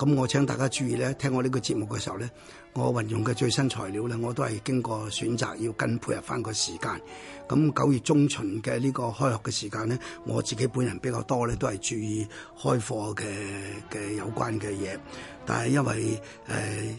咁我請大家注意咧，聽我呢個節目嘅時候咧，我運用嘅最新材料咧，我都係經過選擇，要跟配合翻個時間。咁九月中旬嘅呢個開學嘅時間咧，我自己本人比較多咧，都係注意開課嘅嘅有關嘅嘢。係因為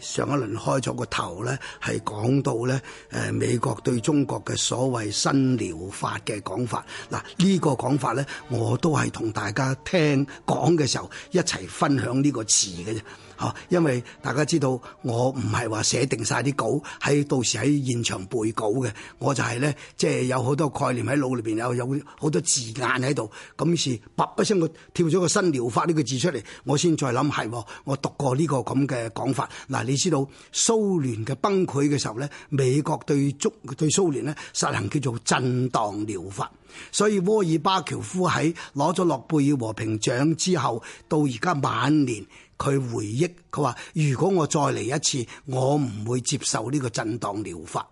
誒上一輪開咗個頭咧，係講到咧誒美國對中國嘅所謂新療法嘅講法，嗱呢個講法咧，我都係同大家聽講嘅時候一齊分享呢個詞嘅啫。哦，因為大家知道我唔係話寫定晒啲稿，喺到時喺現場背稿嘅，我就係咧，即係有好多概念喺腦裏邊，有有好多字眼喺度。咁於是，啪一聲，我跳咗個新療法呢個字出嚟，我先再諗係、哦。我讀過呢個咁嘅講法。嗱，你知道蘇聯嘅崩潰嘅時候咧，美國對蘇對蘇聯呢，實行叫做震盪療法。所以，戈爾巴喬夫喺攞咗諾貝爾和平獎之後，到而家晚年。佢回憶，佢話，如果我再嚟一次，我唔會接受呢個震盪療法。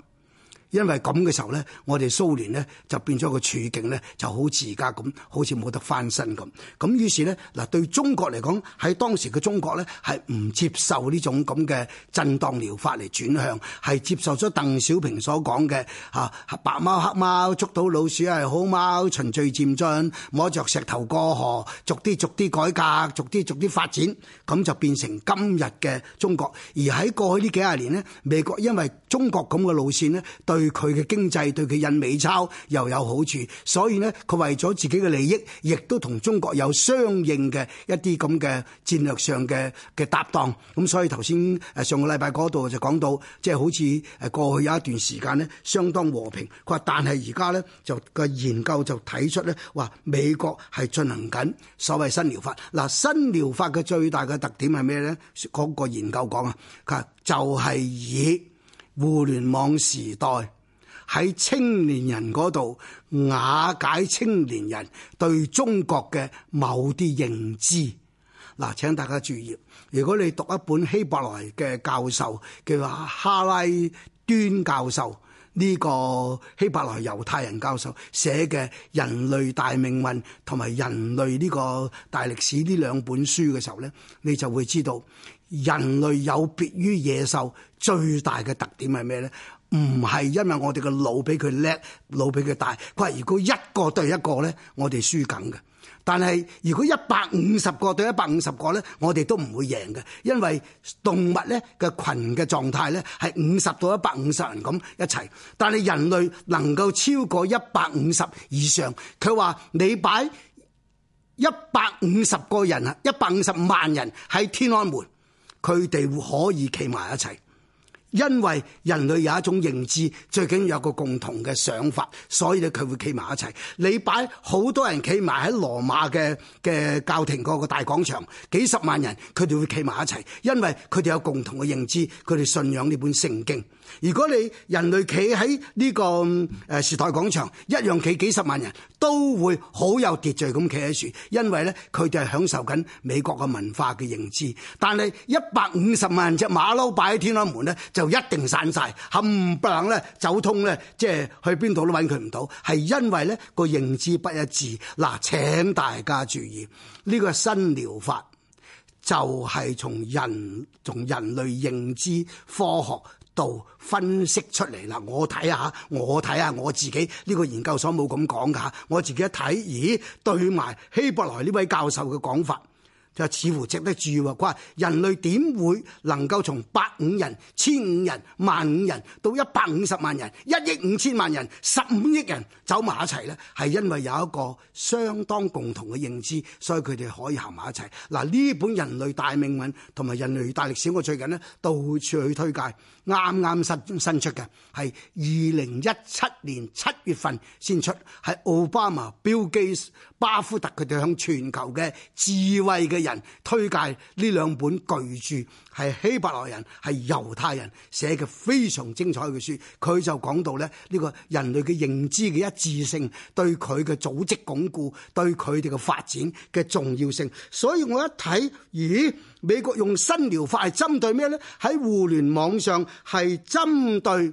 因為咁嘅時候咧，我哋蘇聯咧就變咗個處境咧，就好自家咁，好似冇得翻身咁。咁於是咧，嗱，對中國嚟講，喺當時嘅中國咧，係唔接受呢種咁嘅震盪療法嚟轉向，係接受咗鄧小平所講嘅吓，白貓黑貓捉到老鼠係好貓，循序漸進，摸着石頭過河，逐啲逐啲改革，逐啲逐啲發展，咁就變成今日嘅中國，而喺過去呢幾廿年咧，美國因為中國咁嘅路綫咧，對。對佢嘅經濟，對佢印美鈔又有好處，所以呢，佢為咗自己嘅利益，亦都同中國有相應嘅一啲咁嘅戰略上嘅嘅搭檔。咁所以頭先誒上個禮拜嗰度就講到，即係好似誒過去有一段時間呢，相當和平。佢話但係而家呢，就個研究就睇出呢，話美國係進行緊所謂新療法。嗱，新療法嘅最大嘅特點係咩呢？嗰個研究講啊，佢就係以。互聯網時代喺青年人嗰度瓦解青年人對中國嘅某啲認知。嗱，請大家注意，如果你讀一本希伯來嘅教授，叫做哈拉端教授，呢個希伯來猶太人教授寫嘅《人類大命運》同埋《人類呢個大歷史》呢兩本書嘅時候咧，你就會知道。人類有別於野獸最大嘅特點係咩呢？唔係因為我哋嘅腦比佢叻，腦比佢大。佢話：如果一個對一個呢，我哋輸緊嘅；但係如果一百五十個對一百五十個呢，我哋都唔會贏嘅，因為動物呢，個群嘅狀態呢，係五十到一百五十人咁一齊，但係人類能夠超過一百五十以上。佢話：你擺一百五十個人啊，一百五十萬人喺天安門。佢哋會可以企埋一齊。因為人類有一種認知，最緊要有個共同嘅想法，所以咧佢會企埋一齊。你擺好多人企埋喺羅馬嘅嘅教廷嗰個大廣場，幾十萬人，佢哋會企埋一齊，因為佢哋有共同嘅認知，佢哋信仰呢本聖經。如果你人類企喺呢個誒時代廣場，一樣企幾十萬人，都會好有秩序咁企喺樹，因為咧佢哋係享受緊美國嘅文化嘅認知。但係一百五十萬隻馬騮擺喺天安門咧。就一定散晒，冚唪唥咧走通咧，即係去邊度都揾佢唔到，係因為咧個認知不一致。嗱，請大家注意，呢個新療法就係從人從人類認知科學度分析出嚟啦。我睇下，我睇下我自己呢個研究所冇咁講噶，吓我自己一睇，咦，對埋希伯來呢位教授嘅講法。就似乎值得注喎，話人類點會能夠從百五人、千五人、萬五人到一百五十萬人、一億五千萬人、十五億人走埋一齊咧？係因為有一個相當共同嘅認知，所以佢哋可以行埋一齊，嗱、啊，呢本《人類大命運》同埋《人類大歷史》，我最近咧到處去推介，啱啱新新出嘅，係二零一七年七月份先出，係奧巴馬、Bill Gates、巴夫特佢哋向全球嘅智慧嘅人。推介呢兩本巨著，係希伯來人、係猶太人寫嘅非常精彩嘅書。佢就講到咧，呢個人類嘅認知嘅一致性，對佢嘅組織鞏固，對佢哋嘅發展嘅重要性。所以我一睇，咦，美國用新療法係針對咩呢？喺互聯網上係針對。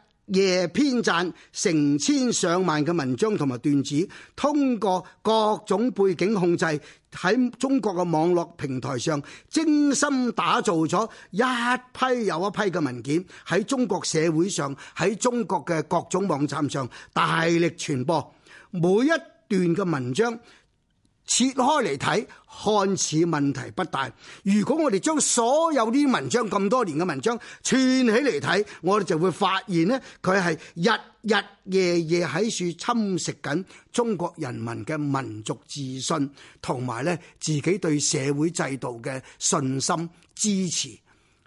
夜編撰成千上萬嘅文章同埋段子，通過各種背景控制，喺中國嘅網絡平台上精心打造咗一批又一批嘅文件，喺中國社會上，喺中國嘅各種網站上大力傳播，每一段嘅文章，切開嚟睇，看似問題不大。如果我哋將所有啲文章咁多年嘅文章串起嚟睇，我哋就會發現呢，佢係日日夜夜喺處侵蝕緊中國人民嘅民族自信，同埋呢自己對社會制度嘅信心支持，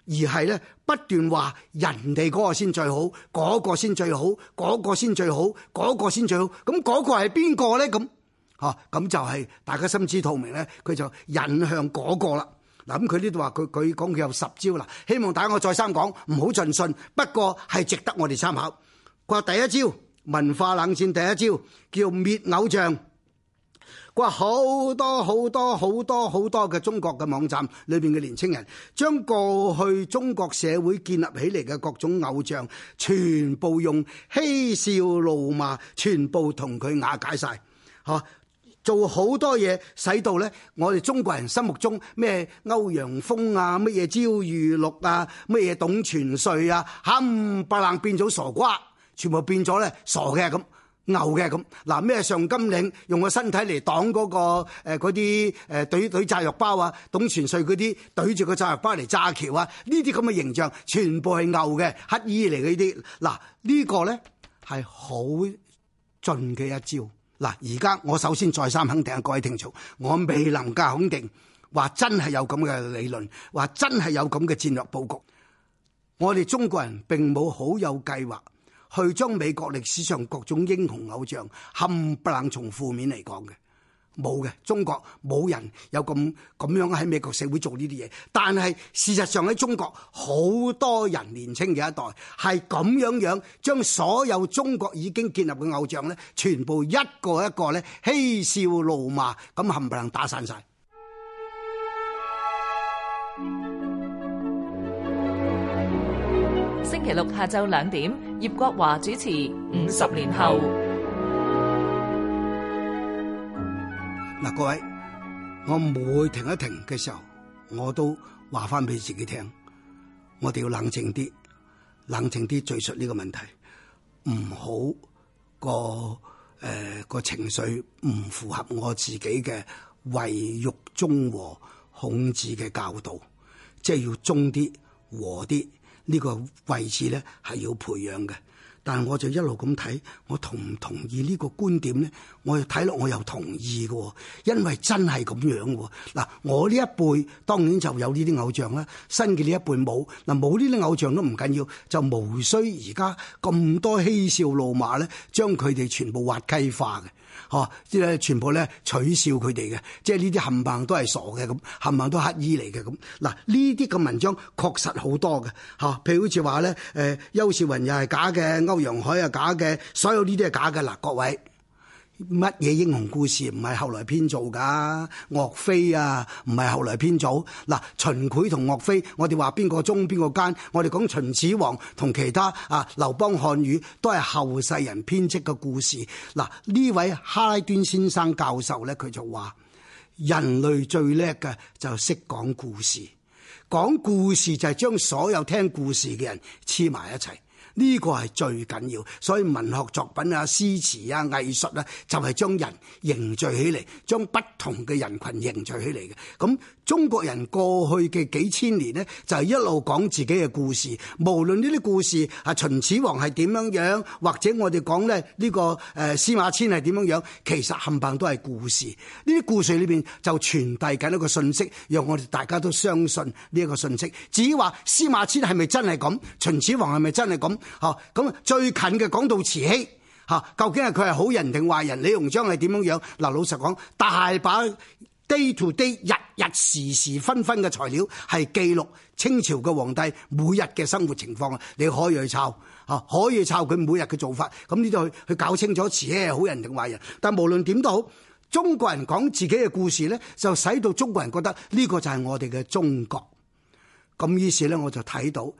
而係呢，不斷話人哋嗰個先最好，嗰個先最好，嗰個先最好，嗰個先最好。咁，嗰個係邊個呢？咁吓，咁就係大家心知肚明咧，佢就引向嗰個啦。嗱，咁佢呢度話佢，佢講佢有十招啦，希望大家，我再三講，唔好盡信，不過係值得我哋參考。佢話第一招文化冷戰，第一招叫滅偶像。佢話好多好多好多好多嘅中國嘅網站裏邊嘅年青人，將過去中國社會建立起嚟嘅各種偶像，全部用嬉笑怒罵，全部同佢瓦解曬嚇。做好多嘢，使到咧，我哋中國人心目中咩歐陽鋒啊，乜嘢焦裕祿啊，乜嘢董存瑞啊，冚唪唥變咗傻瓜，全部變咗咧傻嘅咁，牛嘅咁，嗱咩上甘嶺用個身體嚟擋嗰、嗰個嗰啲誒攤攤炸藥包啊，董存瑞嗰啲攤住個炸藥包嚟炸橋啊，呢啲咁嘅形象全部係牛嘅乞衣嚟嘅呢啲，嗱呢個咧係好盡嘅一招。嗱，而家我首先再三肯定各位聽眾，我未能夠肯定話真係有咁嘅理論，話真係有咁嘅戰略布局。我哋中國人並冇好有計劃去將美國歷史上各種英雄偶像冚唪唥從負面嚟講嘅。冇嘅，中國冇人有咁咁樣喺美國社會做呢啲嘢。但係事實上喺中國，好多人年青嘅一代係咁樣樣，將所有中國已經建立嘅偶像呢，全部一個一個呢嬉笑怒罵，咁冚唪唥打散曬。星期六下晝兩點，葉國華主持《五十年後》。嗱，各位，我每停一停嘅時候，我都話翻俾自己聽，我哋要冷靜啲，冷靜啲敘述呢個問題，唔好個誒、呃、個情緒唔符合我自己嘅為欲中和孔子嘅教導，即係要中啲和啲呢個位置咧係要培養嘅。但我就一路咁睇，我同唔同意呢個觀點咧？我又睇落我又同意嘅、哦，因為真係咁樣喎、哦。嗱，我呢一輩當然就有呢啲偶像啦，新嘅呢一輩冇，嗱，冇呢啲偶像都唔緊要，就無需而家咁多嬉笑怒罵咧，將佢哋全部滑稽化嘅。哦，即係全部咧，取笑佢哋嘅，即係呢啲冚唪都係傻嘅咁，冚唪都乞衣嚟嘅咁。嗱，呢啲嘅文章確實好多嘅，嚇，譬如好似話咧，誒、呃，邱少雲又係假嘅，歐陽海又假嘅，所有呢啲係假嘅。嗱，各位。乜嘢英雄故事唔係後來編造噶？岳飛啊，唔係後來編造。嗱，秦檜同岳飛，我哋話邊個忠邊個奸，我哋講秦始皇同其他啊劉邦、漢武，都係後世人編織嘅故事。嗱、啊，呢位哈拉端先生教授呢，佢就話：人類最叻嘅就識講故事，講故事就係將所有聽故事嘅人黐埋一齊。呢個係最緊要，所以文學作品啊、詩詞啊、藝術啊，就係將人凝聚起嚟，將不同嘅人群凝聚起嚟嘅。咁中國人過去嘅幾千年咧，就係一路講自己嘅故事，無論呢啲故事啊，秦始皇係點樣樣，或者我哋講咧呢個誒司馬遷係點樣樣，其實冚唪都係故事。呢啲故事裏邊就傳遞緊一個信息，讓我哋大家都相信呢一個信息。至於話司馬遷係咪真係咁，秦始皇係咪真係咁？嚇！咁最近嘅講到慈禧嚇，究竟係佢係好人定壞人？李鴻章係點樣樣？嗱，老實講，大把 day to day 日日時時分分嘅材料係記錄清朝嘅皇帝每日嘅生活情況啊！你可以去抄嚇，可以抄佢每日嘅做法。咁呢度去去搞清楚慈禧係好人定壞人。但無論點都好，中國人講自己嘅故事咧，就使到中國人覺得呢個就係我哋嘅中國。咁於是咧，我就睇到。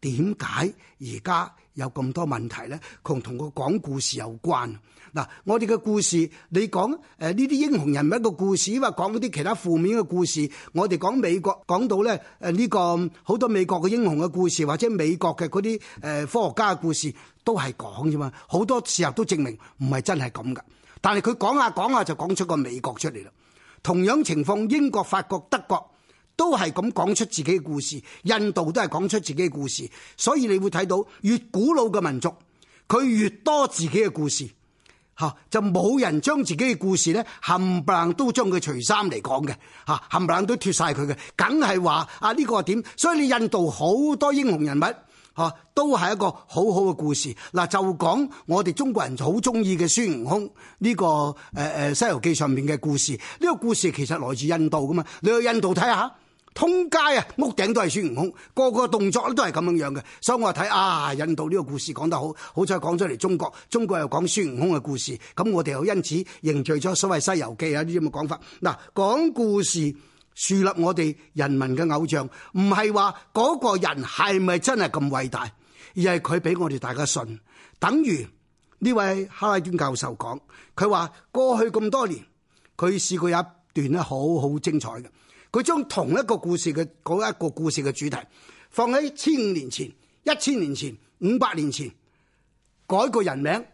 點解而家有咁多問題咧？同同個講故事有關。嗱，我哋嘅故事，你講誒呢啲英雄人物嘅故事，抑或講嗰啲其他負面嘅故事？我哋講美國講到咧誒呢個好多美國嘅英雄嘅故事，或者美國嘅嗰啲誒科學家嘅故事，都係講啫嘛。好多時候都證明唔係真係咁噶。但係佢講下講下就講出個美國出嚟啦。同樣情況，英國、法國、德國。都係咁講出自己嘅故事，印度都係講出自己嘅故事，所以你會睇到越古老嘅民族，佢越多自己嘅故事，吓，就冇人將自己嘅故事呢冚唪唥都將佢除衫嚟講嘅，吓，冚唪唥都脫晒佢嘅，梗係話啊呢個係點？所以你印度好多英雄人物，吓、啊、都係一個好好嘅故事。嗱，就講我哋中國人好中意嘅孫悟空呢個誒誒、呃《西遊記》上面嘅故事，呢個故事其實來自印度噶嘛？你去印度睇下。通街啊，屋頂都係孫悟空，個個動作咧都係咁樣樣嘅，所以我睇啊，印度呢個故事講得好，好彩講咗嚟中國，中國又講孫悟空嘅故事，咁我哋又因此凝聚咗所謂《西遊記》啊呢啲咁嘅講法。嗱，講故事樹立我哋人民嘅偶像，唔係話嗰個人係咪真係咁偉大，而係佢俾我哋大家信。等於呢位哈拉端教授講，佢話過去咁多年，佢試過有一段咧，好好精彩嘅。佢將同一個故事嘅一個故事嘅主題放喺千五年前，一千年前，五百年前，改個人名，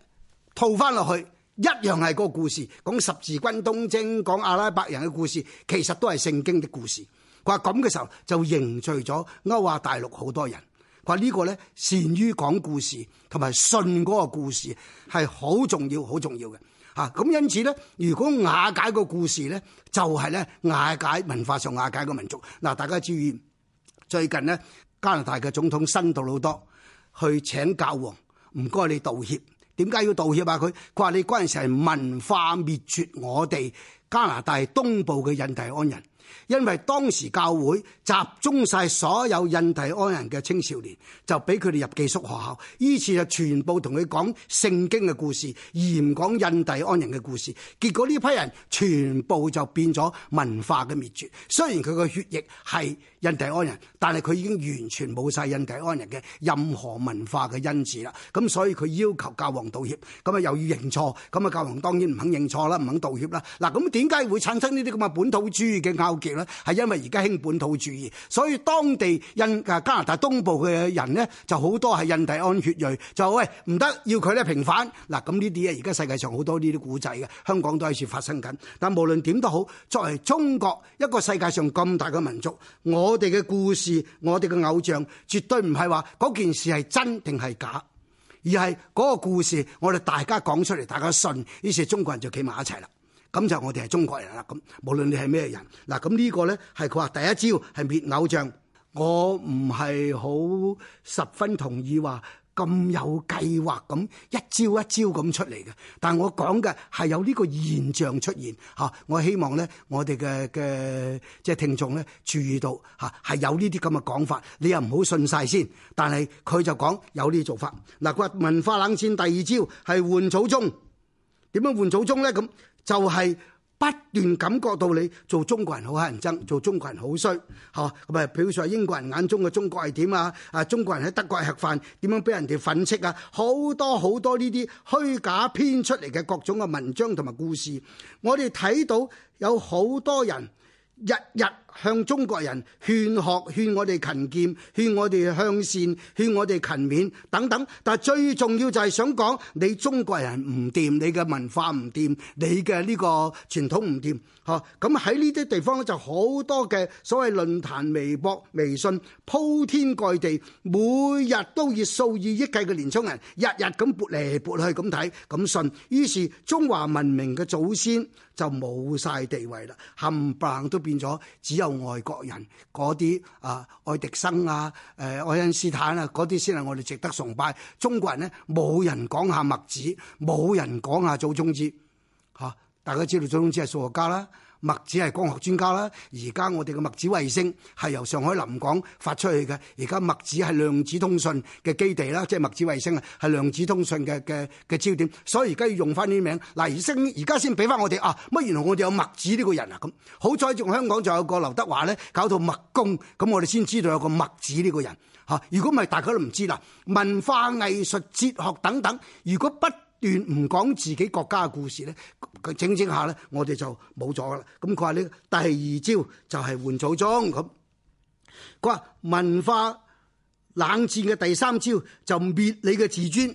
套翻落去，一樣係個故事。講十字軍東征，講阿拉伯人嘅故事，其實都係聖經嘅故事。佢話咁嘅時候就凝聚咗歐亞大陸好多人。佢話呢個咧，善於講故事同埋信嗰個故事係好重要，好重要嘅。吓，咁因此咧，如果瓦解個故事咧，就係咧瓦解文化上瓦解個民族。嗱，大家注意，最近咧加拿大嘅總統新杜魯多，去請教皇唔該你道歉。點解要道歉啊？佢佢話你陣時係文化滅絕我哋加拿大東部嘅印第安人。因為當時教會集中晒所有印第安人嘅青少年，就俾佢哋入寄宿學校，依次就全部同佢講聖經嘅故事，而唔講印第安人嘅故事。結果呢批人全部就變咗文化嘅滅絕，雖然佢個血液係。印第安人，但係佢已經完全冇晒印第安人嘅任何文化嘅因子啦。咁所以佢要求教皇道歉，咁啊又要認錯，咁啊教皇當然唔肯認錯啦，唔肯道歉啦。嗱，咁點解會產生呢啲咁嘅本土主義嘅勾結咧？係因為而家興本土主義，所以當地印啊加拿大東部嘅人咧就好多係印第安血裔，就喂唔得要佢咧平反。嗱，咁呢啲啊而家世界上好多呢啲古仔嘅，香港都喺處發生緊，但無論點都好，作為中國一個世界上咁大嘅民族，我。我哋嘅故事，我哋嘅偶像，絕對唔係話嗰件事係真定係假，而係嗰個故事，我哋大家講出嚟，大家信，於是中國人就企埋一齊啦。咁就我哋係中國人啦。咁無論你係咩人，嗱，咁呢個咧係佢話第一招，係滅偶像，我唔係好十分同意話，咁有計劃咁一招一招咁出嚟嘅，但係我講嘅係有呢個現象出現嚇，我希望咧我哋嘅嘅即係聽眾咧注意到嚇係有呢啲咁嘅講法，你又唔好信曬先，但係佢就講有呢啲做法嗱，文化冷戰第二招係換祖宗，點樣換祖宗咧？咁就係。不斷感覺到你做中國人好乞人憎，做中國人好衰，吓咁啊！表示喺英國人眼中嘅中國係點啊？啊，中國人喺德國食飯點樣俾人哋憤斥啊？好多好多呢啲虛假編出嚟嘅各種嘅文章同埋故事，我哋睇到有好多人日日。向中國人勸學、勸我哋勤儉、勸我哋向善、勸我哋勤勉等等，但係最重要就係想講你中國人唔掂，你嘅文化唔掂，你嘅呢個傳統唔掂，嚇咁，喺呢啲地方咧就好多嘅所謂論壇、微博、微信鋪天蓋地，每日都以數以億計嘅年輕人日日咁撥嚟撥去咁睇、咁信，於是中華文明嘅祖先就冇晒地位啦，冚唪都變咗，只有。有外國人嗰啲啊，愛迪生啊，誒，愛因斯坦啊，嗰啲先係我哋值得崇拜。中國人咧，冇人講下墨子，冇人講下祖沖之。吓。大家知道祖沖之係數學家啦。墨子係光學專家啦，而家我哋嘅墨子衛星係由上海臨港發出去嘅。而家墨子係量子通信嘅基地啦，即係墨子衛星啊，係量子通信嘅嘅嘅焦點。所以而家要用翻呢啲名。嗱，而家而家先俾翻我哋啊，乜原來我哋有墨子呢個人啊咁。好在仲香港仲有個劉德華咧，搞到墨攻，咁我哋先知道有個墨子呢個人嚇。如果唔係，大家都唔知啦。文化藝術哲學等等，如果不斷唔講自己國家嘅故事咧，佢整整下咧，我哋就冇咗啦。咁佢話呢，第二招就係換祖宗，咁佢話文化冷戰嘅第三招就滅你嘅自尊。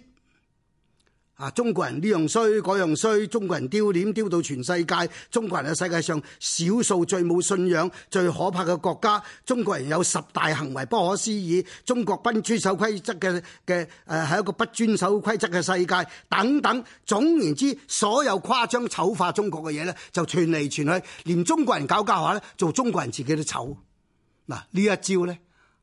啊！中國人呢樣衰，嗰樣衰；中國人丟臉丟到全世界，中國人係世界上少數最冇信仰、最可怕嘅國家。中國人有十大行為不可思議，中國不遵守規則嘅嘅，誒、呃、係一個不遵守規則嘅世界等等。總言之，所有誇張醜化中國嘅嘢咧，就傳嚟傳去，連中國人搞搞下咧，做中國人自己都醜，嗱，呢一招咧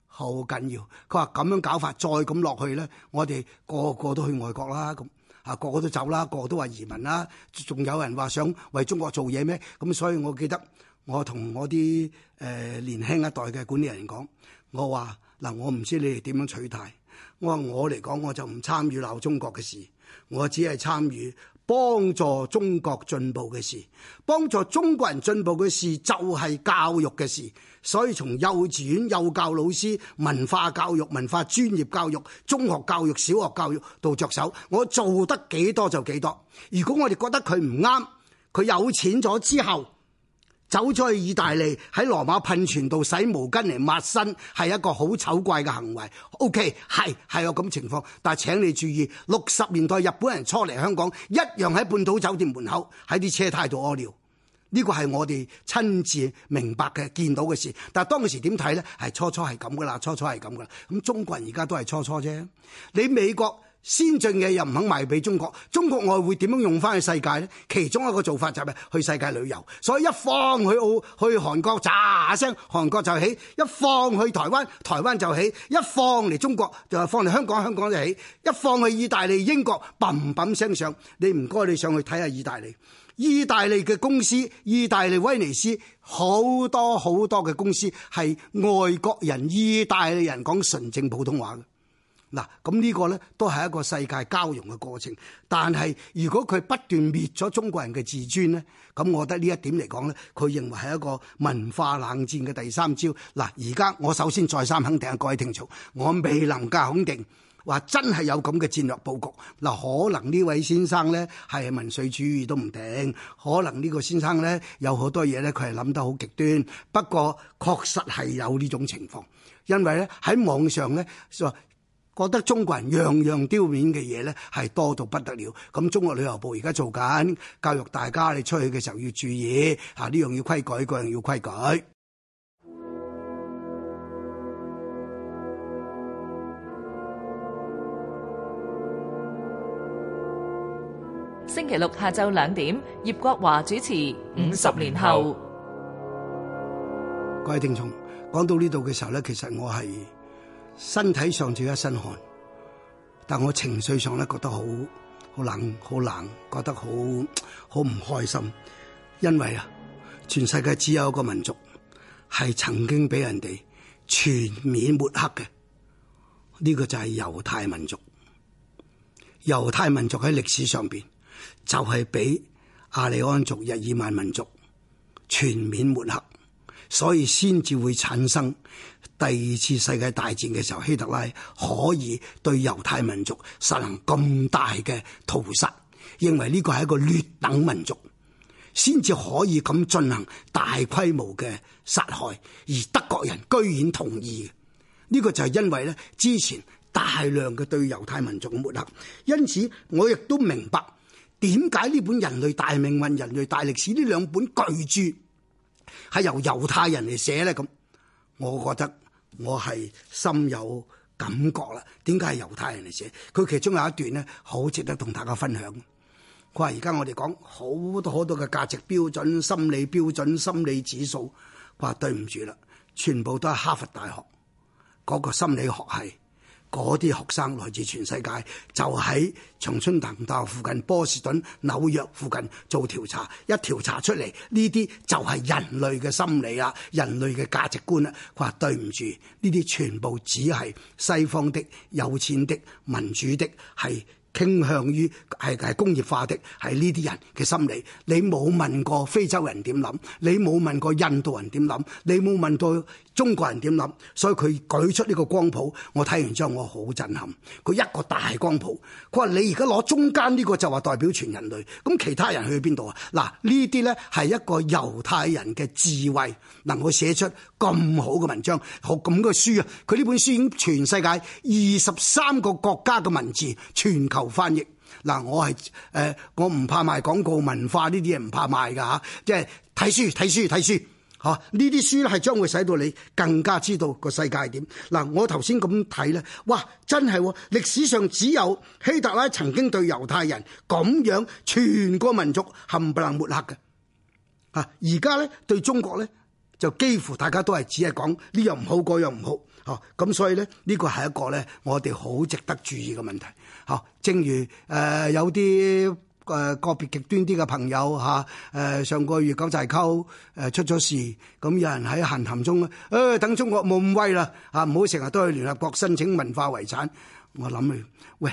好緊要。佢話咁樣搞法，再咁落去咧，我哋個，個個都去外國啦咁。啊！個個都走啦，個個都話移民啦，仲有人話想為中國做嘢咩？咁所以我記得我同我啲誒年輕一代嘅管理人講，我話嗱，我唔知你哋點樣取態。我話我嚟講，我就唔參與鬧中國嘅事，我只係參與幫助中國進步嘅事，幫助中國人進步嘅事就係教育嘅事。所以從幼稚園、幼教老師、文化教育、文化專業教育、中學教育、小學教育到着手，我做得幾多就幾多。如果我哋覺得佢唔啱，佢有錢咗之後走咗去意大利，喺羅馬噴泉度洗毛巾嚟抹身，係一個好醜怪嘅行為。OK，係係有咁情況，但係請你注意，六十年代日本人初嚟香港一樣喺半島酒店門口，喺啲車胎度屙尿。呢個係我哋親自明白嘅、見到嘅事。但係當嗰時點睇呢？係初初係咁噶啦，初初係咁噶。咁中國人而家都係初初啫。你美國先進嘅又唔肯賣俾中國，中國外匯點樣用翻去世界呢？其中一個做法就係去世界旅遊。所以一放去澳、去韓國，喳聲韓國就起；一放去台灣，台灣就起；一放嚟中國，就放嚟香港，香港就起；一放去意大利、英國，砰砰砰聲上。你唔該，你上去睇下意大利。意大利嘅公司，意大利威尼斯好多好多嘅公司係外國人、意大利人講純正普通話嘅。嗱，咁呢個咧都係一個世界交融嘅過程。但係如果佢不斷滅咗中國人嘅自尊咧，咁我覺得呢一點嚟講咧，佢認為係一個文化冷戰嘅第三招。嗱，而家我首先再三肯定，各位聽眾，我未能夠肯定。話真係有咁嘅戰略佈局，嗱，可能呢位先生呢係民粹主義都唔定，可能呢個先生呢有好多嘢咧，佢係諗得好極端。不過確實係有呢種情況，因為呢喺網上呢，就覺得中國人樣樣丟面嘅嘢呢係多到不得了。咁中國旅遊部而家做緊教育大家，你出去嘅時候要注意嚇，呢樣要規矩，嗰樣要規矩。星期六下晝兩點，葉國華主持《五十年後》年後。各位聽眾，講到呢度嘅時候咧，其實我係身體上仲有一身汗，但我情緒上咧覺得好好冷，好冷，覺得好好唔開心，因為啊，全世界只有一個民族係曾經俾人哋全面抹黑嘅，呢、這個就係猶太民族。猶太民族喺歷史上邊。就係俾亞利安族、日耳曼民族全面抹黑，所以先至會產生第二次世界大戰嘅時候希特拉可以對猶太民族實行咁大嘅屠殺，認為呢個係一個劣等民族，先至可以咁進行大規模嘅殺害。而德國人居然同意呢個，就係因為咧之前大量嘅對猶太民族嘅抹黑，因此我亦都明白。點解呢本《人類大命運》《人類大歷史》呢兩本巨著係由猶太人嚟寫咧？咁，我覺得我係深有感覺啦。點解係猶太人嚟寫？佢其中有一段咧，好值得同大家分享。佢話而家我哋講好多好多嘅價值標準、心理標準、心理指數。佢話對唔住啦，全部都係哈佛大學嗰個心理學系。嗰啲學生來自全世界，就喺長春藤大附近，波士頓、紐約附近做調查，一調查出嚟，呢啲就係人類嘅心理啦、人類嘅價值觀啦。佢話對唔住，呢啲全部只係西方的、有錢的、民主的，係。傾向於係係工業化的、係呢啲人嘅心理，你冇問過非洲人點諗，你冇問過印度人點諗，你冇問到中國人點諗，所以佢舉出呢個光譜，我睇完之後我好震撼。佢一個大光譜，佢話你而家攞中間呢個就話代表全人類，咁其他人去邊度啊？嗱，呢啲咧係一個猶太人嘅智慧，能夠寫出咁好嘅文章，學咁嘅書啊！佢呢本書已經全世界二十三個國家嘅文字，全球。翻譯。嗱，我係誒、呃，我唔怕賣廣告，文化呢啲嘢唔怕賣噶吓，即係睇書、睇書、睇書，吓呢啲書咧，係將會使到你更加知道個世界係點。嗱，我頭先咁睇咧，哇，真係喎，歷史上只有希特拉曾經對猶太人咁樣，全個民族冚唪唥抹黑嘅。吓而家咧，對中國咧就幾乎大家都係只係講呢樣唔好，嗰樣唔好，哦、啊、咁，所以咧呢個係一個咧我哋好值得注意嘅問題。嚇，正如誒、呃、有啲誒個別極端啲嘅朋友嚇，誒、啊呃、上個月九寨溝誒出咗事，咁有人喺閒談中誒、哎、等中國冇咁威啦，嚇唔好成日都去聯合國申請文化遺產。我諗你，喂，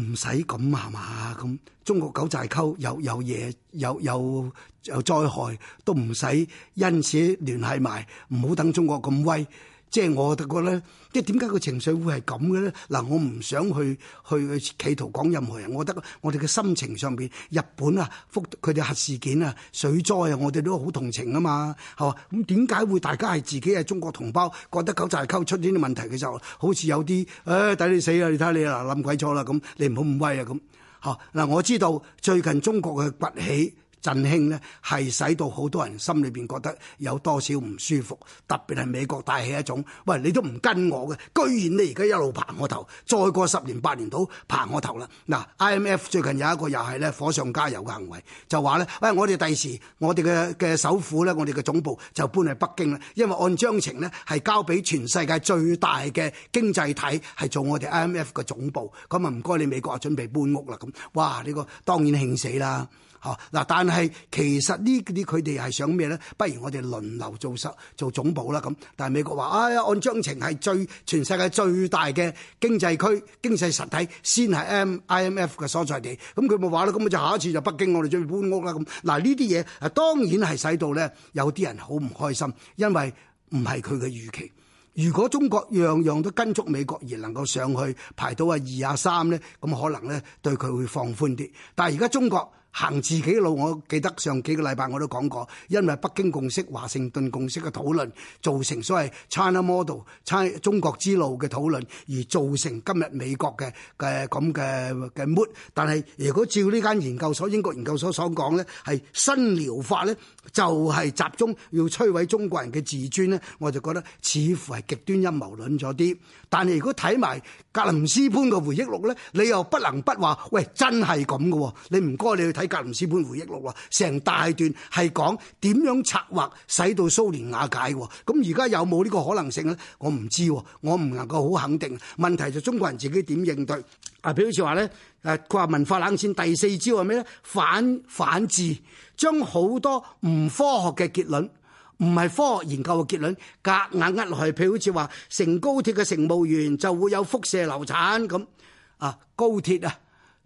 唔使咁係嘛？咁中國九寨溝有有嘢有有有災害，都唔使因此聯繫埋，唔好等中國咁威。即係我覺得咧，即係點解個情緒會係咁嘅咧？嗱，我唔想去去企圖講任何人。我覺得我哋嘅心情上邊，日本啊、福佢哋核事件啊、水災啊，我哋都好同情啊嘛，係嘛？咁點解會大家係自己係中國同胞覺得九寨溝出呢啲問題嘅時候好、哎你你不不啊，好似有啲誒，抵你死啊！你睇下你嗱諗鬼錯啦咁，你唔好咁威啊咁嚇嗱。我知道最近中國嘅崛起。振興咧，係使到好多人心裏邊覺得有多少唔舒服，特別係美國帶起一種，喂，你都唔跟我嘅，居然你而家一路爬我頭，再過十年八年到爬我頭啦！嗱，IMF 最近有一個又係咧火上加油嘅行為，就話咧，喂、哎，我哋第時我哋嘅嘅首府咧，我哋嘅總部就搬去北京啦，因為按章程呢，係交俾全世界最大嘅經濟體係做我哋 IMF 嘅總部，咁啊唔該你美國啊準備搬屋啦咁，哇！呢、這個當然興死啦～嚇嗱！但係其實呢啲佢哋係想咩咧？不如我哋輪流做首做總部啦咁。但係美國話：哎呀，按章程係最全世界最大嘅經濟區、經濟實體先係 IMF 嘅所在地。咁佢咪話咯？咁就下一次就北京我哋準備搬屋啦咁。嗱呢啲嘢啊，當然係使到咧有啲人好唔開心，因為唔係佢嘅預期。如果中國樣樣都跟足美國而能夠上去排到阿二阿三咧，咁可能咧對佢會放寬啲。但係而家中國，行自己路，我記得上幾個禮拜我都講過，因為北京共識、華盛頓共識嘅討論造成所謂 China Model、差中國之路嘅討論，而造成今日美國嘅嘅咁嘅嘅 mood。但係如果照呢間研究所、英國研究所所講咧，係新療法咧。就係集中要摧毀中國人嘅自尊呢，我就覺得似乎係極端陰謀論咗啲。但係如果睇埋格林斯潘嘅回憶錄呢，你又不能不話：喂，真係咁嘅喎！你唔該你去睇格林斯潘回憶錄喎，成大段係講點樣策劃使到蘇聯瓦解喎。咁而家有冇呢個可能性呢？我唔知，我唔能夠好肯定。問題就中國人自己點應對？啊，譬如好似話，咧，誒，佢話文化冷戰第四招係咩咧？反反智，將好多唔科學嘅結論，唔係科學研究嘅結論夾硬呃落去。譬如好似話，乘高鐵嘅乘務員就會有輻射流產，咁啊，高鐵啊！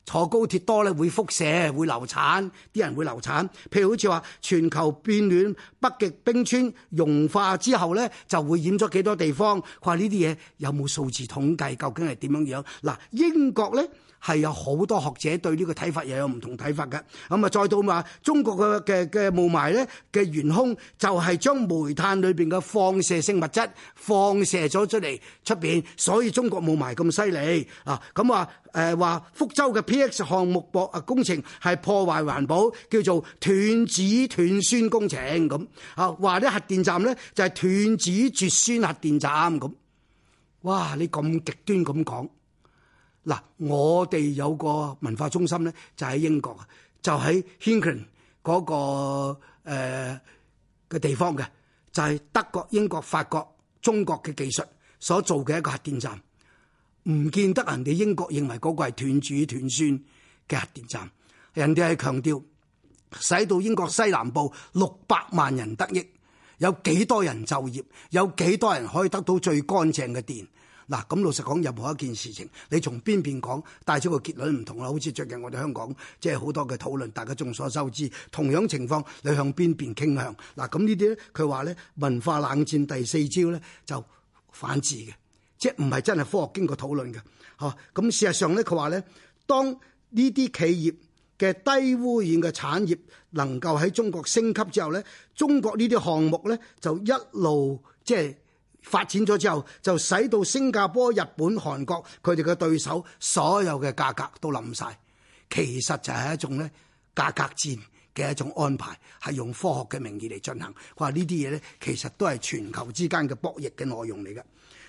坐高鐵多咧會輻射，會流產，啲人會流產。譬如好似話全球變暖，北極冰川融化之後咧，就會淹咗幾多地方？話呢啲嘢有冇數字統計？究竟係點樣樣？嗱，英國咧。係有好多學者對呢個睇法又有唔同睇法嘅，咁啊，再到話中國嘅嘅嘅霧霾咧嘅元兇就係將煤炭裏邊嘅放射性物質放射咗出嚟出邊，所以中國霧霾咁犀利啊！咁啊，誒話福州嘅 PX 項目博啊工程係破壞環保，叫做斷子斷孫工程咁啊，話啲核電站咧就係斷子絕孫核電站咁，哇！你咁極端咁講。嗱，我哋有個文化中心咧，就喺英國，就喺 Hinkley 嗰，那個誒嘅、呃、地方嘅，就係、是、德國英國法國中國嘅技術所做嘅一個核電站。唔見得人哋英國認為嗰個係斷子斷孫嘅核電站，人哋係強調使到英國西南部六百萬人得益，有幾多人就業，有幾多人可以得到最乾淨嘅電。嗱，咁老實講，任何一件事情，你從邊邊講，帶出個結論唔同啦。好似最近我哋香港即係好多嘅討論，大家眾所周知，同樣情況，你向邊邊傾向？嗱，咁呢啲咧，佢話咧，文化冷戰第四招咧就反智嘅，即係唔係真係科學經過討論嘅。嚇，咁事實上咧，佢話咧，當呢啲企業嘅低污染嘅產業能夠喺中國升級之後咧，中國呢啲項目咧就一路即係。就是發展咗之後，就使到新加坡、日本、韓國佢哋嘅對手，所有嘅價格都冧晒。其實就係一種咧價格戰嘅一種安排，係用科學嘅名義嚟進行。佢話呢啲嘢咧，其實都係全球之間嘅博弈嘅內容嚟嘅。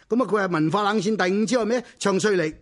咁啊，佢係文化冷戰第五之招咩？唱衰你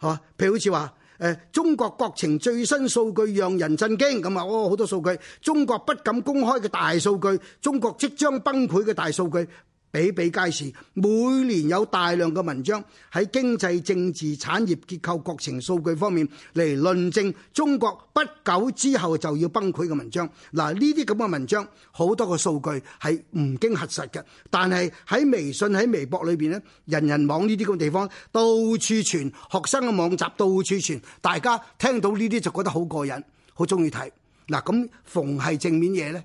嚇。譬、啊、如好似話誒，中國國情最新數據讓人震驚。咁、嗯、啊，哦好多數據，中國不敢公開嘅大數據，中國即將崩潰嘅大數據。比比皆是，每年有大量嘅文章喺經濟、政治、產業結構、國情數據方面嚟論證中國不久之後就要崩潰嘅文章。嗱，呢啲咁嘅文章，好多個數據，係唔經核實嘅。但係喺微信、喺微博裏邊咧，人人網呢啲咁嘅地方，到處傳學生嘅網站，到處傳，大家聽到呢啲就覺得好過癮，好中意睇。嗱，咁逢係正面嘢咧。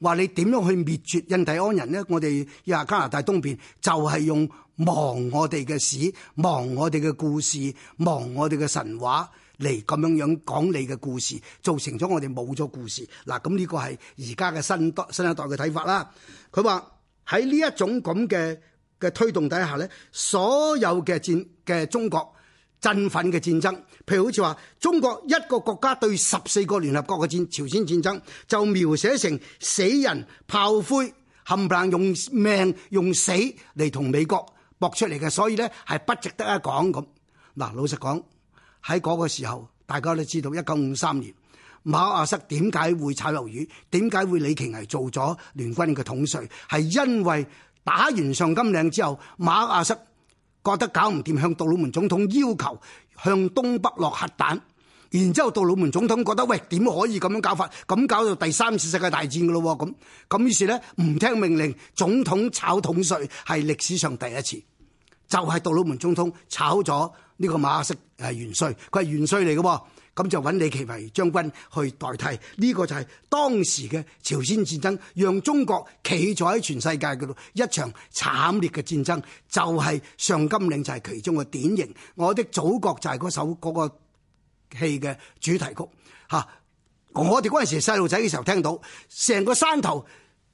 話你點樣去滅絕印第安人咧？我哋呀，加拿大東邊就係用忘我哋嘅史、忘我哋嘅故事、忘我哋嘅神話嚟咁樣樣講你嘅故事，造成咗我哋冇咗故事。嗱，咁呢個係而家嘅新新一代嘅睇法啦。佢話喺呢一種咁嘅嘅推動底下咧，所有嘅戰嘅中國。振奮嘅戰爭，譬如好似話，中國一個國家對十四個聯合國嘅戰，朝鮮戰爭就描寫成死人炮灰，冚唪唥用命用死嚟同美國搏出嚟嘅，所以呢係不值得一講咁。嗱，老實講喺嗰個時候，大家都知道一九五三年馬亞瑟點解會炒魷魚，點解會李奇威做咗聯軍嘅統帥，係因為打完上甘嶺之後，馬亞瑟。覺得搞唔掂，向杜魯門總統要求向東北落核彈，然之後杜魯門總統覺得喂，點可以咁樣搞法？咁搞到第三次世界大戰噶咯咁咁，於是咧唔聽命令，總統炒統帥係歷史上第一次，就係、是、杜魯門總統炒咗呢個麥克阿瑟元帥，佢係元帥嚟噶。咁就揾李奇微將軍去代替，呢、這個就係當時嘅朝鮮戰爭，讓中國企咗喺全世界嗰度一場慘烈嘅戰爭，就係、是、上甘嶺就係其中嘅典型。我的祖國就係嗰首嗰、那個戲嘅主題曲嚇，我哋嗰陣時細路仔嘅時候聽到，成個山頭。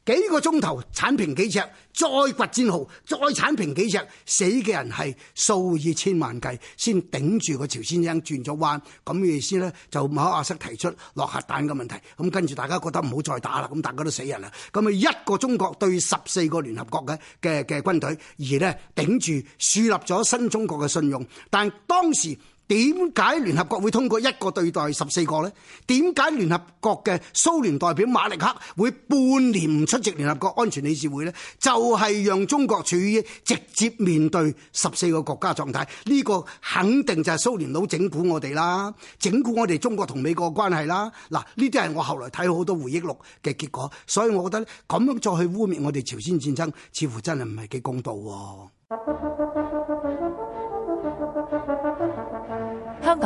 幾個鐘頭鏟平幾尺，再掘戰壕，再鏟平幾尺，死嘅人係數以千萬計，先頂住個朝鮮人轉咗彎，咁嘅意思咧就麥阿瑟提出落核彈嘅問題，咁跟住大家覺得唔好再打啦，咁大家都死人啦，咁啊一個中國對十四個聯合國嘅嘅嘅軍隊而呢頂住樹立咗新中國嘅信用，但當時。點解聯合國會通過一個對待十四個呢？點解聯合國嘅蘇聯代表馬立克會半年唔出席聯合國安全理事會呢？就係、是、讓中國處於直接面對十四個國家狀態，呢、這個肯定就係蘇聯佬整蠱我哋啦，整蠱我哋中國同美國嘅關係啦。嗱，呢啲係我後來睇好多回憶錄嘅結果，所以我覺得咁樣再去污衊我哋朝鮮戰爭，似乎真係唔係幾公道喎。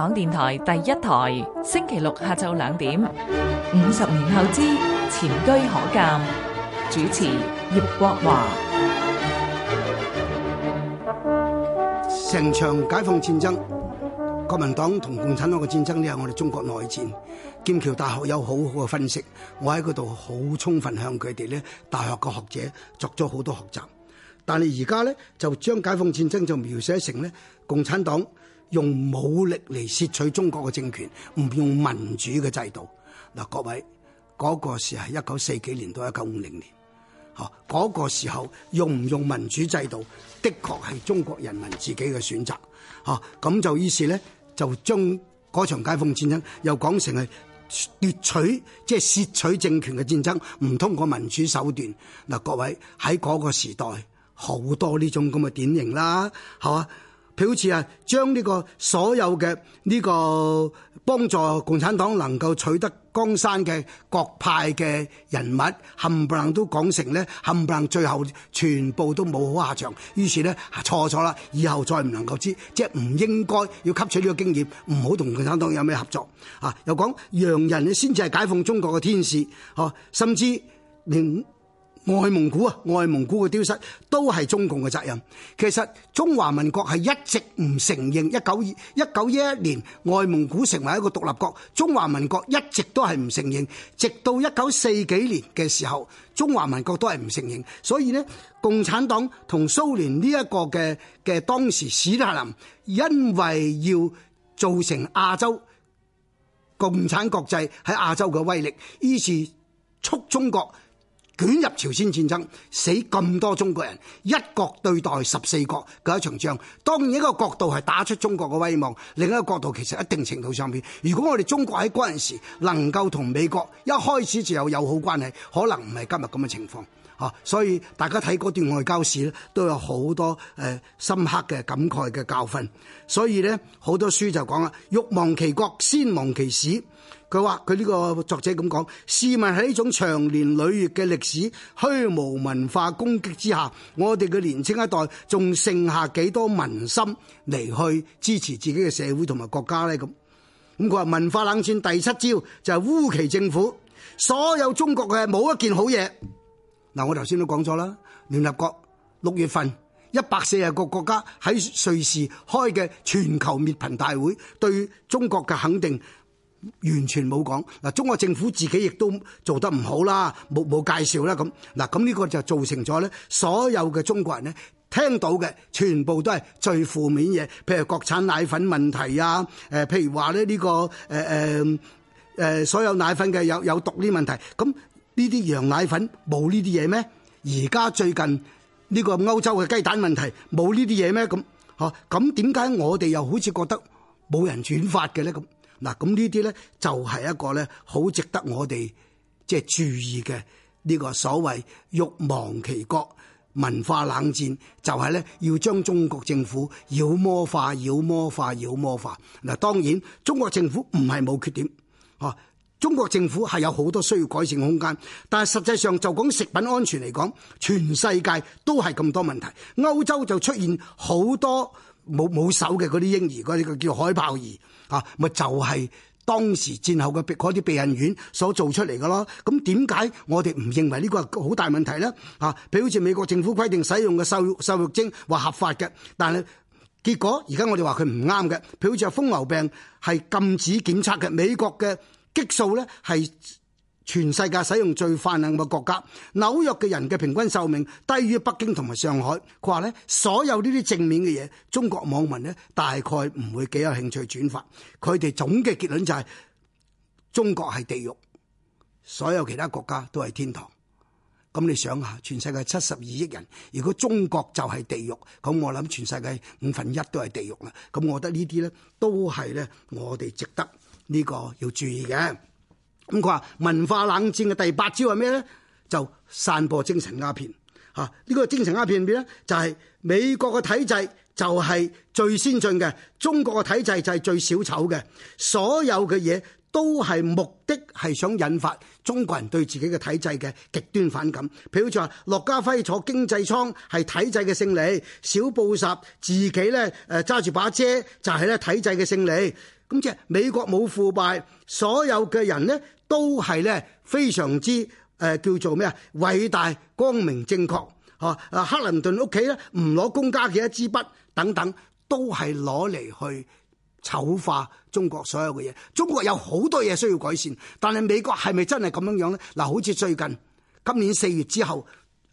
港電台第一台，星期六下晝兩點，五十年後之前車可鑑，主持葉國華。成場解放戰爭，國民黨同共產黨嘅戰爭呢，係我哋中國內戰。劍橋大學有好好嘅分析，我喺嗰度好充分向佢哋咧，大學嘅學者作咗好多學習。但係而家咧，就將解放戰爭就描寫成咧共產黨用武力嚟竊取中國嘅政權，唔用民主嘅制度。嗱，各位嗰個時係一九四幾年到一九五零年，吓，嗰個時候用唔用民主制度，的確係中國人民自己嘅選擇。吓咁就於是咧，就將嗰場解放戰爭又講成係奪取，即係竊取政權嘅戰爭，唔通過民主手段。嗱，各位喺嗰個時代好多呢種咁嘅典型啦，係嘛？佢好似啊，將呢個所有嘅呢個幫助共產黨能夠取得江山嘅各派嘅人物，冚唪唥都講成呢，冚唪唥最後全部都冇好下場。於是呢，錯錯啦，以後再唔能夠知，即係唔應該要吸取呢個經驗，唔好同共產黨有咩合作啊！又講洋人先至係解放中國嘅天使，哦，甚至連。外蒙古啊，外蒙古嘅丟失都係中共嘅責任。其實中華民國係一直唔承認一九一九一一年外蒙古成為一個獨立國，中華民國一直都係唔承認，直到一九四幾年嘅時候，中華民國都係唔承認。所以呢，共產黨同蘇聯呢一個嘅嘅當時史達林，因為要造成亞洲共產國際喺亞洲嘅威力，於是促中國。捲入朝鮮戰爭，死咁多中國人，一國對待十四國嘅一場仗，當然一個角度係打出中國嘅威望，另一個角度其實一定程度上面，如果我哋中國喺嗰陣時能夠同美國一開始就有友好關係，可能唔係今日咁嘅情況。嚇，所以大家睇嗰段外交史咧，都有好多誒、呃、深刻嘅感慨嘅教訓。所以呢，好多書就講啦，欲亡其國，先亡其史。佢話：佢呢個作者咁講，市民喺呢種長年累月嘅歷史虛無文化攻擊之下，我哋嘅年青一代仲剩下幾多民心嚟去支持自己嘅社會同埋國家呢？咁咁佢話文化冷戰第七招就係污其政府，所有中國嘅冇一件好嘢。嗱，我頭先都講咗啦，聯合國六月份一百四十個國家喺瑞士開嘅全球滅貧大會，對中國嘅肯定。完全冇講。嗱，中國政府自己亦都做得唔好啦，冇冇介紹啦咁，嗱，咁呢個就造成咗咧，所有嘅中國人咧聽到嘅全部都係最負面嘢，譬如國產奶粉問題啊，誒譬如話咧呢個誒誒誒所有奶粉嘅有有毒呢問題，咁呢啲洋奶粉冇呢啲嘢咩？而家最近呢個歐洲嘅雞蛋問題冇呢啲嘢咩？咁嚇，咁點解我哋又好似覺得冇人轉發嘅咧咁？嗱，咁呢啲呢就係一個呢好值得我哋即係注意嘅呢個所謂欲亡其國文化冷戰，就係呢要將中國政府妖魔化、妖魔化、妖魔化。嗱，當然中國政府唔係冇缺點，啊，中國政府係有好多需要改善空間。但係實際上就講食品安全嚟講，全世界都係咁多問題，歐洲就出現好多。冇冇手嘅嗰啲嬰兒，嗰啲叫海豹兒啊，咪就係、是、當時戰後嘅嗰啲避孕院所做出嚟嘅咯。咁點解我哋唔認為呢個係好大問題咧？啊，譬如好似美國政府規定使用嘅瘦瘦肉精話合法嘅，但係結果而家我哋話佢唔啱嘅。譬如好似瘋牛病係禁止檢測嘅，美國嘅激素咧係全世界使用最泛濫嘅國家，紐約嘅人嘅平均壽命低於北京同埋上海。佢話咧，所有呢啲正面嘅嘢，中國網民咧大概唔會幾有興趣轉發。佢哋總嘅結論就係、是、中國係地獄，所有其他國家都係天堂。咁你想下，全世界七十二億人，如果中國就係地獄，咁我諗全世界五分一都係地獄啦。咁我覺得呢啲呢都係呢，我哋值得呢個要注意嘅。咁佢話文化冷戰嘅第八招係咩咧？就散播精神鴉片嚇。呢、啊這個精神鴉片咩咧？就係美國嘅體制就係最先進嘅，中國嘅體制就係最小丑嘅。所有嘅嘢都係目的係想引發中國人對自己嘅體制嘅極端反感。譬如好似話，駱家輝坐經濟艙係體制嘅勝利，小布什自己咧誒揸住把遮就係咧體制嘅勝利。咁即係美國冇腐敗，所有嘅人咧。都係咧非常之誒、呃、叫做咩啊？偉大、光明、正確，嚇！啊，克林頓屋企咧唔攞公家嘅一支筆等等，都係攞嚟去醜化中國所有嘅嘢。中國有好多嘢需要改善，但係美國係咪真係咁樣樣咧？嗱，好似最近今年四月之後，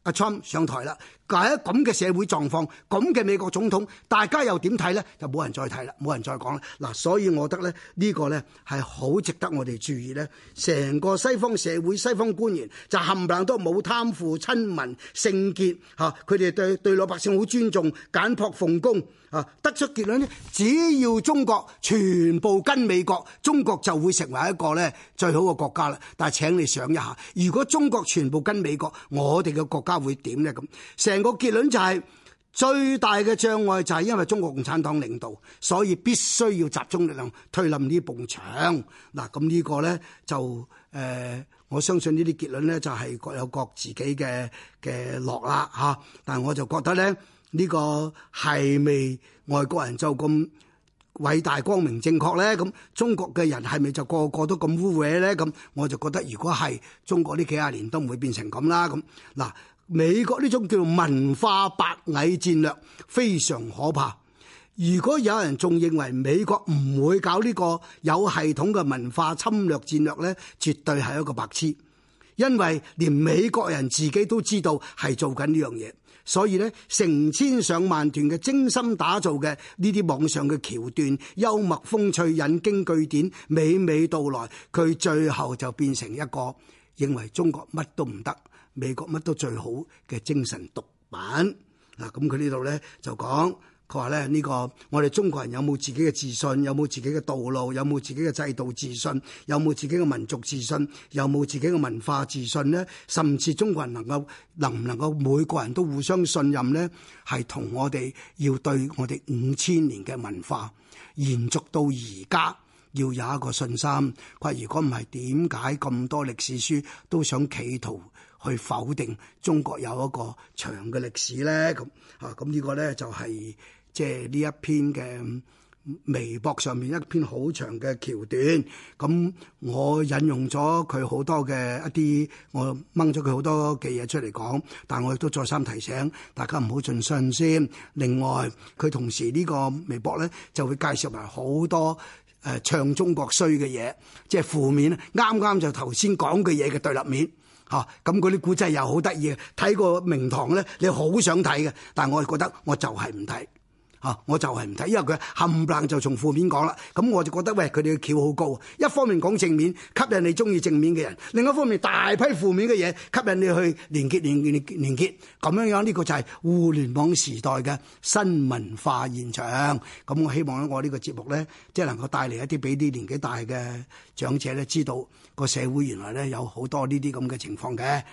阿 Trump 上台啦。喺咁嘅社會狀況，咁嘅美國總統，大家又點睇呢？就冇人再睇啦，冇人再講啦。嗱，所以我覺得呢，呢個呢係好值得我哋注意呢。成個西方社會、西方官員就冚唪唥都冇貪腐、親民、聖潔嚇，啊，佢哋對對老百姓好尊重、簡樸奉公啊。得出結論呢，只要中國全部跟美國，中國就會成為一個呢最好嘅國家啦。但係請你想一下，如果中國全部跟美國，我哋嘅國家會點呢？咁成個結論就係最大嘅障礙就係因為中國共產黨領導，所以必須要集中力量推冧呢啲埲牆。嗱，咁呢個咧就誒，我相信呢啲結論咧就係各有各自己嘅嘅落啦吓。但係我就覺得咧，呢、這個係咪外國人就咁偉大、光明、正確咧？咁中國嘅人係咪就個個,個都咁污蔑咧？咁我就覺得如果係中國呢幾廿年都唔會變成咁啦。咁嗱。美國呢種叫做文化白蟻戰略，非常可怕。如果有人仲認為美國唔會搞呢個有系統嘅文化侵略戰略呢，絕對係一個白痴。因為連美國人自己都知道係做緊呢樣嘢，所以呢，成千上萬段嘅精心打造嘅呢啲網上嘅橋段，幽默風趣、引經據典、娓娓道來，佢最後就變成一個認為中國乜都唔得，美國乜都最好嘅精神毒品嗱，咁佢呢度咧就講佢話咧，呢個我哋中國人有冇自己嘅自信？有冇自己嘅道路？有冇自己嘅制度自信？有冇自己嘅民族自信？有冇自己嘅文化自信咧？甚至中國人能夠能唔能夠每個人都互相信任咧？係，同我哋要對我哋五千年嘅文化延續到而家，要有一個信心。佢話如果唔係，點解咁多歷史書都想企圖去否定中國有一個長嘅歷史咧，咁啊，咁呢個咧就係即係呢一篇嘅微博上面一篇好長嘅橋段。咁我引用咗佢好多嘅一啲，我掹咗佢好多嘅嘢出嚟講，但係我亦都再三提醒大家唔好盡信先。另外，佢同時呢個微博咧就會介紹埋好多誒唱中國衰嘅嘢，即係負面，啱啱就頭先講嘅嘢嘅對立面。嚇！咁啲古仔又好得意，啊，睇個名堂咧，你好想睇嘅，但係我係覺得我就係唔睇。啊！我就係唔睇，因為佢冚唪唥就從負面講啦。咁我就覺得喂，佢哋嘅橋好高。一方面講正面，吸引你中意正面嘅人；另一方面大批負面嘅嘢，吸引你去連結、連結、連結。咁樣樣呢個就係互聯網時代嘅新文化現場。咁我希望咧，我呢個節目咧，即係能夠帶嚟一啲俾啲年紀大嘅長者咧，知道個社會原來咧有好多呢啲咁嘅情況嘅。